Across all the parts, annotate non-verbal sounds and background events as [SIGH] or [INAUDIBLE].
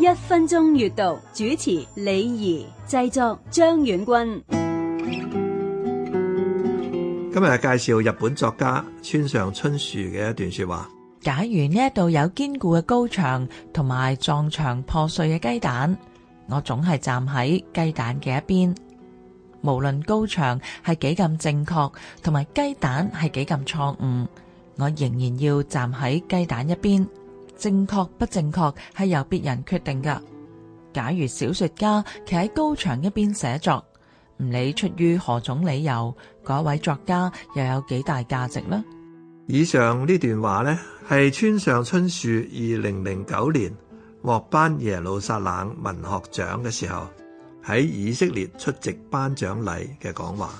一分鐘閱讀，主持李儀，製作張遠君，今日介紹日本作家村上春樹嘅一段說話。假如呢一度有堅固嘅高牆同埋撞牆破碎嘅雞蛋，我總係站喺雞蛋嘅一邊。無論高牆係幾咁正確，同埋雞蛋係幾咁錯誤，我仍然要站喺雞蛋一邊。正確不正確係由別人決定噶。假如小說家企喺高牆一邊寫作，唔理出於何種理由，嗰位作家又有幾大價值呢？以上呢段話呢，係村上春樹二零零九年獲頒耶路撒冷文學獎嘅時候喺以色列出席頒獎禮嘅講話。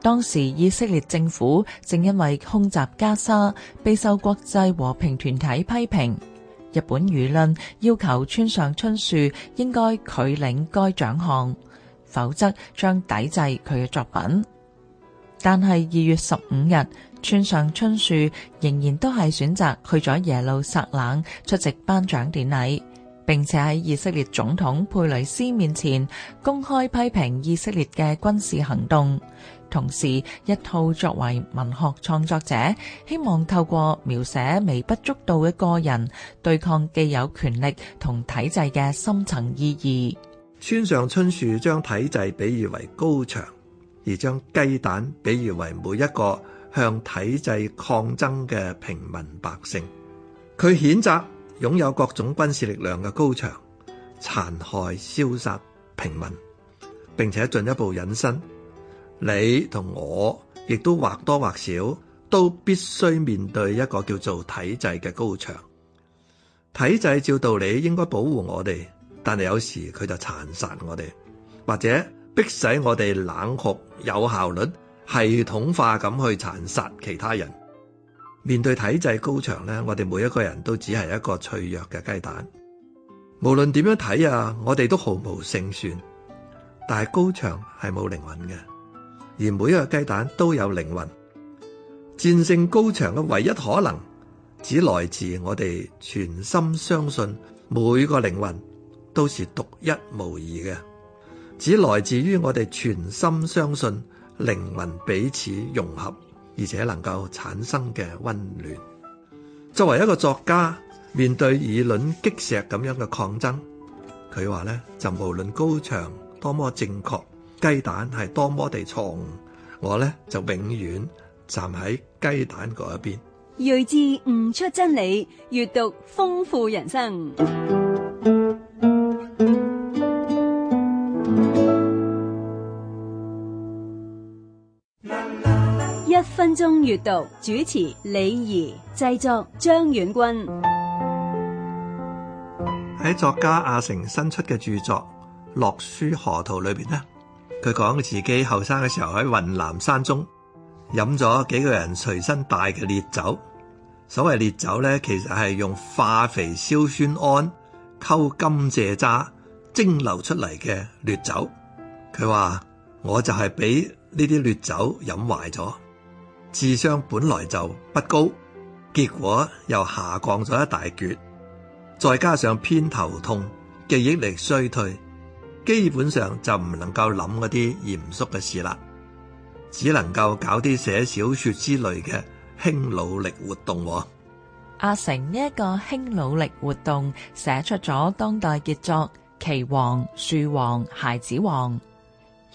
當時以色列政府正因為空襲加沙，備受國際和平團體批評。日本輿論要求村上春樹應該拒領該獎項，否則將抵制佢嘅作品。但係二月十五日，村上春樹仍然都係選擇去咗耶路撒冷出席頒獎典禮，並且喺以色列總統佩雷斯面前公開批評以色列嘅軍事行動。同時，一套作為文學創作者，希望透過描寫微不足道嘅個人，對抗既有權力同體制嘅深層意義。村上春樹將體制比喻為高牆，而將雞蛋比喻為每一個向體制抗爭嘅平民百姓。佢譴責擁有各種軍事力量嘅高牆，殘害、消殺平民，並且進一步引申。你同我亦都或多或少都必須面對一個叫做體制嘅高牆。體制照道理應該保護我哋，但係有時佢就殘殺我哋，或者迫使我哋冷酷有效率、系統化咁去殘殺其他人。面對體制高牆咧，我哋每一個人都只係一個脆弱嘅雞蛋。無論點樣睇啊，我哋都毫無勝算。但係高牆係冇靈魂嘅。而每一個雞蛋都有靈魂，戰勝高牆嘅唯一可能，只來自我哋全心相信每個靈魂都是獨一無二嘅，只來自於我哋全心相信靈魂彼此融合，而且能夠產生嘅溫暖。作為一個作家，面對以卵擊石咁樣嘅抗爭，佢話呢：「就無論高牆多麼正確。雞蛋係多麼地錯誤，我呢就永遠站喺雞蛋嗰一邊。睿智悟出真理，閱讀豐富人生。 [MUSIC] 一分鐘閱讀，主持李儀，製作張遠軍。喺作家阿成新出嘅著作《洛書河圖》裏邊咧。佢講自己後生嘅時候喺雲南山中飲咗幾個人隨身帶嘅烈酒，所謂烈酒咧，其實係用化肥硝酸胺溝甘蔗渣蒸餾出嚟嘅劣酒。佢話我就係俾呢啲劣酒飲壞咗，智商本來就不高，結果又下降咗一大橛，再加上偏頭痛、記憶力衰退。基本上就唔能夠諗嗰啲嚴肅嘅事啦，只能夠搞啲寫小說之類嘅輕努力輕腦力活動。阿成呢一個輕腦力活動寫出咗當代傑作《棋王》《樹王》《孩子王》，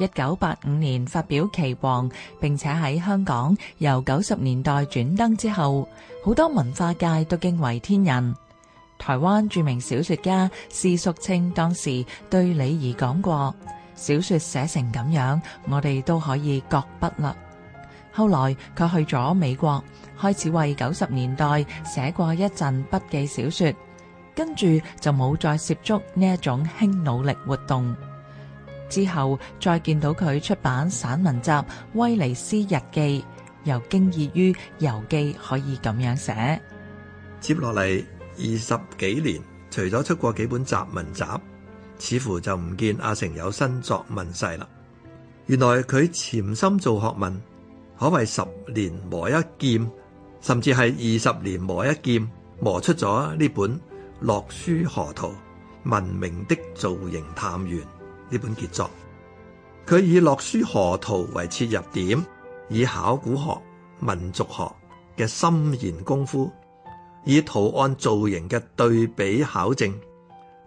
一九八五年發表《棋王》，並且喺香港由九十年代轉登之後，好多文化界都驚為天人。台灣著名小說家施叔青當時對李儀講過：小說寫成咁樣，我哋都可以擱筆啦。後來佢去咗美國，開始為九十年代寫過一陣筆記小說，跟住就冇再涉足呢一種輕腦力活動。之後再見到佢出版散文集《威尼斯日記》，又驚異於遊記可以咁樣寫。接落嚟。二十幾年，除咗出過幾本雜文集，似乎就唔見阿成有新作問世啦。原來佢潛心做學問，可謂十年磨一劍，甚至係二十年磨一劍，磨出咗呢本《洛書河圖文明的造型探源》呢本傑作。佢以《洛書河圖》為切入點，以考古學、民族學嘅深研功夫，以圖案造型嘅對比考證，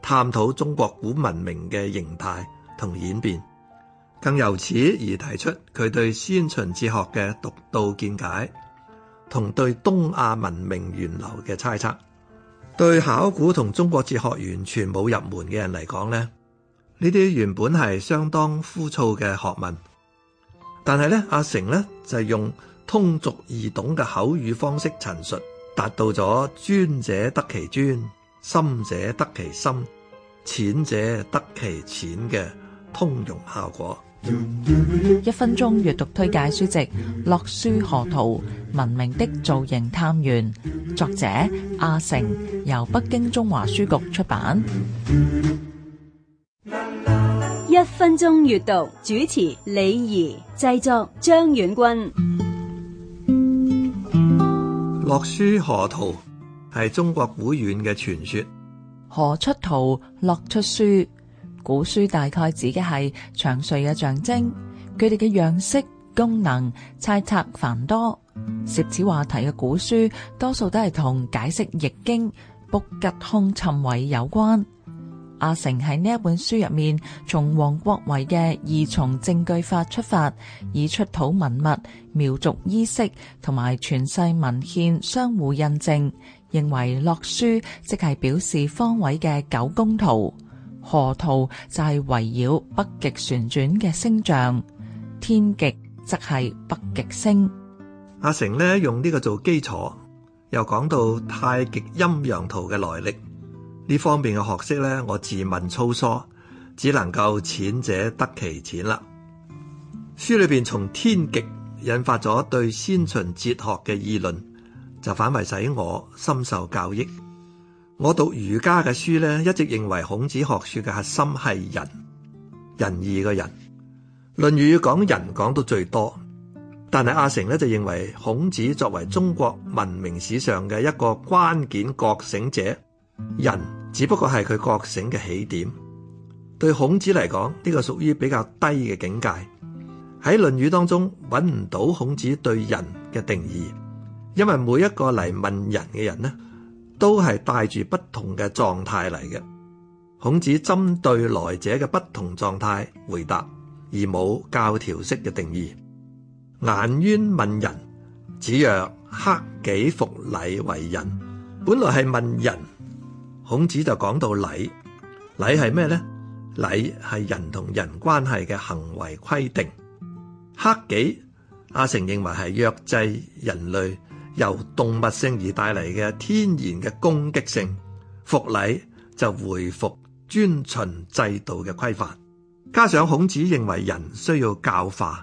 探討中國古文明嘅形態同演變，更由此而提出佢對先秦哲學嘅獨到見解，同對東亞文明源流嘅猜測。對考古同中國哲學完全冇入門嘅人嚟講咧，呢啲原本係相當枯燥嘅學問，但係咧，阿成咧就係用通俗易懂嘅口語方式陳述。達到咗專者得其專、深者得其深、淺者得其淺嘅通融效果。一分鐘閱讀推介書籍《洛書河圖：文明的造型探源》，作者阿城，由北京中華書局出版。一分鐘閱讀主持李怡，製作張遠軍。《洛書河圖》係中國古遠嘅傳說，河出圖，洛出書。古書大概指嘅係祥瑞嘅象徵，佢哋嘅樣式、功能猜測繁多。涉此話題嘅古書，多數都係同解釋《易經》、卜吉凶、尋位有關。阿成喺呢一本書入面，從王國維嘅二重證據法出發，以出土文物、苗族衣飾同埋傳世文獻相互印證，認為洛書即係表示方位嘅九宮圖，河圖就係圍繞北極旋轉嘅星象，天極則係北極星。阿成呢用呢個做基礎，又講到太極陰陽圖嘅來歷。呢方面嘅學識咧，我自問粗疏，只能夠淺者得其淺啦。書裏邊從天極引發咗對先秦哲學嘅議論，就反為使我深受教益。我讀儒家嘅書咧，一直認為孔子學說嘅核心係仁仁義嘅仁，《論語》講仁講到最多，但係阿成咧就認為孔子作為中國文明史上嘅一個關鍵覺醒者。人只不過係佢覺醒嘅起點，對孔子嚟講呢個屬於比較低嘅境界。喺《論語》當中揾唔到孔子對人嘅定義，因為每一個嚟問人嘅人呢，都係帶住不同嘅狀態嚟嘅。孔子針對來者嘅不同狀態回答，而冇教條式嘅定義。顏淵問人，子曰：克己復禮為人，本來係問人。孔子就講到禮，禮係咩咧？禮係人同人關係嘅行為規定。克己，阿成認為係約制人類由動物性而帶嚟嘅天然嘅攻擊性。復禮就回復遵循制度嘅規範。加上孔子認為人需要教化，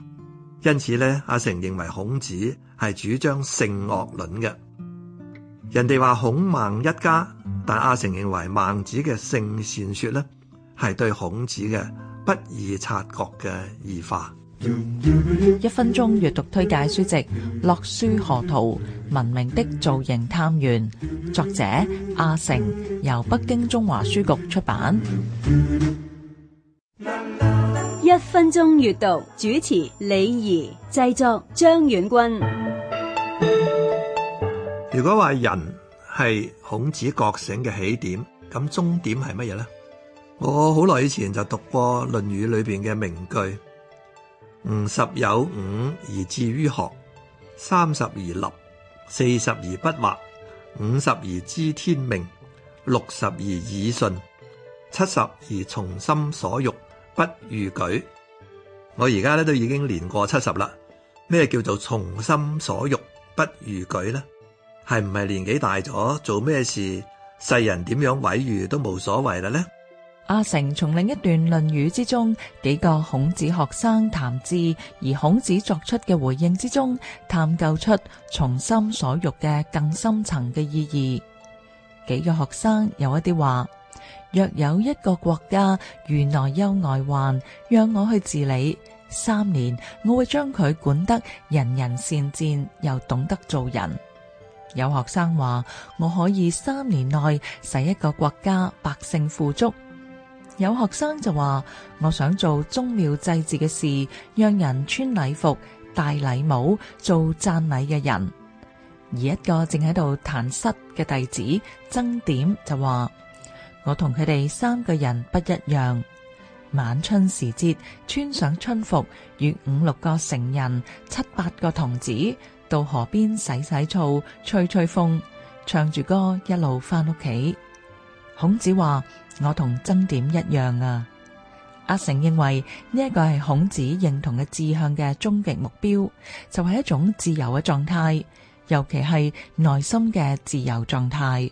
因此咧，阿成認為孔子係主張性惡論嘅。人哋話孔孟一家，但阿成認為孟子嘅性善說呢，係對孔子嘅不易察覺嘅異化。一分鐘閱讀推介書籍《洛書河圖：文明的造型探源》，作者阿成，由北京中華書局出版。一分鐘閱讀主持李儀，製作張遠軍。如果話人係孔子覺醒嘅起點，咁終點係乜嘢咧？我好耐以前就讀過《論語》裏邊嘅名句：吾十有五而志於學，三十而立，四十而不惑，五十而知天命，六十而耳順，七十而從心所欲，不逾矩。我而家咧都已經年過七十啦。咩叫做從心所欲不逾矩咧？係唔係年紀大咗做咩事，世人點樣毀譽都冇所謂啦？呢阿成從另一段《論語》之中幾個孔子學生談志而孔子作出嘅回應之中，探究出從心所欲嘅更深層嘅意義。幾個學生有一啲話：若有一個國家，如內憂外患，讓我去治理三年，我會將佢管得人人善戰又懂得做人。有學生話：我可以三年內使一個國家百姓富足。有學生就話：我想做宗廟祭祀嘅事，讓人穿禮服、戴禮帽、做贊禮嘅人。而一個正喺度彈瑟嘅弟子曾點就話：我同佢哋三個人不一樣。晚春時節，穿上春服，與五六個成人、七八個童子，到河邊洗洗澡、吹吹風、唱住歌，一路返屋企。孔子話：我同曾點一樣啊。阿成認為呢一、這個係孔子認同嘅志向嘅終極目標就係、是、一種自由嘅狀態，尤其係內心嘅自由狀態。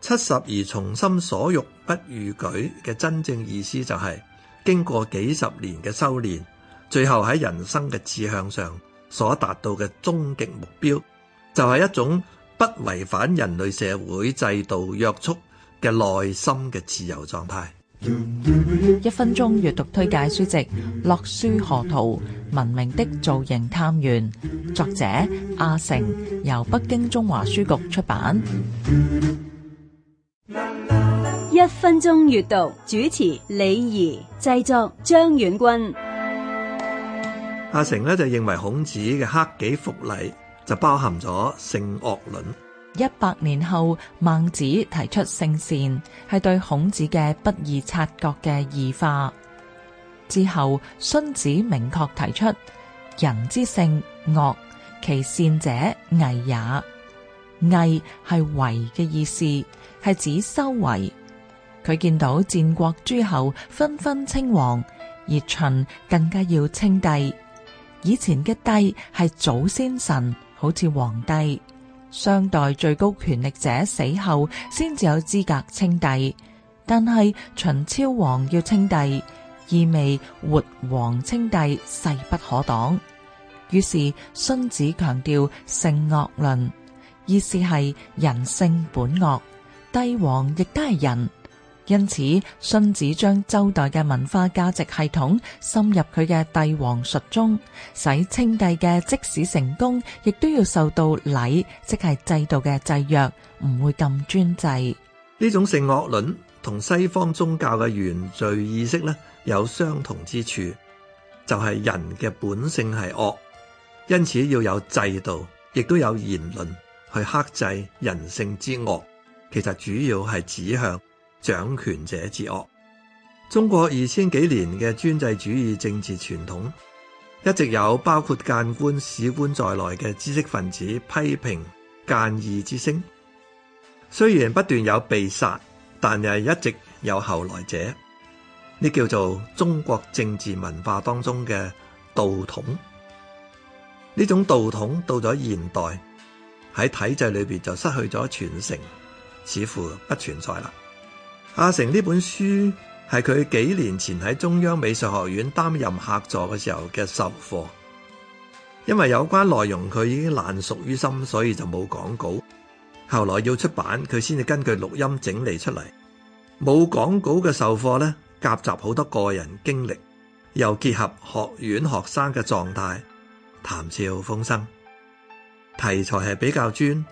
七十而從心所欲不逾矩嘅真正意思就係、是、經過幾十年嘅修煉，最後喺人生嘅志向上。所達到嘅終極目標，就係一種不違反人類社會制度約束嘅內心嘅自由狀態。一分鐘閱讀推介書籍《洛書河圖：文明的造型探源》，作者阿成，由北京中華書局出版。一分鐘閱讀主持李儀，製作張遠軍。阿成呢就認為孔子嘅克己復禮就包含咗性惡論。一百年後孟子提出性善，係對孔子嘅不易察覺嘅異化。之後荀子明確提出人之性惡，其善者偽也。偽係為嘅意思，係指修為。佢見到戰國諸侯紛紛稱王，而秦更加要稱帝。以前嘅帝係祖先神，好似皇帝。商代最高權力者死後先至有資格稱帝，但係秦昭王要稱帝，意味活王稱帝勢不可擋。於是荀子強調性惡論，意思係人性本惡，帝王亦都係人。因此，荀子將周代嘅文化價值系統深入佢嘅帝王術中，使清帝嘅即使成功，亦都要受到禮，即係制度嘅制約，唔會咁專制。呢種性惡論同西方宗教嘅原罪意識咧有相同之處，就係、是、人嘅本性係惡，因此要有制度，亦都有言論去克制人性之惡。其實主要係指向。掌權者之惡，中國二千幾年嘅專制主義政治傳統，一直有包括諫官、史官在內嘅知識分子批評諫議之聲。雖然不斷有被殺，但係一直有後來者。呢叫做中國政治文化當中嘅道統。呢種道統到咗現代喺體制裏邊就失去咗傳承，似乎不存在啦。阿成呢本書係佢幾年前喺中央美術學院擔任客座嘅時候嘅授課，因為有關內容佢已經爛熟於心，所以就冇講稿。後來要出版，佢先至根據錄音整理出嚟。冇講稿嘅授課呢，夾雜好多個人經歷，又結合學院學生嘅狀態，談笑風生。題材係比較專，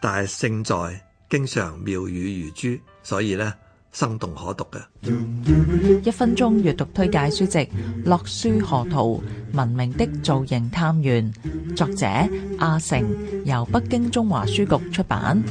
但係勝在經常妙語如珠，所以呢，生動可讀嘅，一分鐘閱讀推介書籍《樂書河圖：文明的造型探源》，作者阿成，由北京中華書局出版。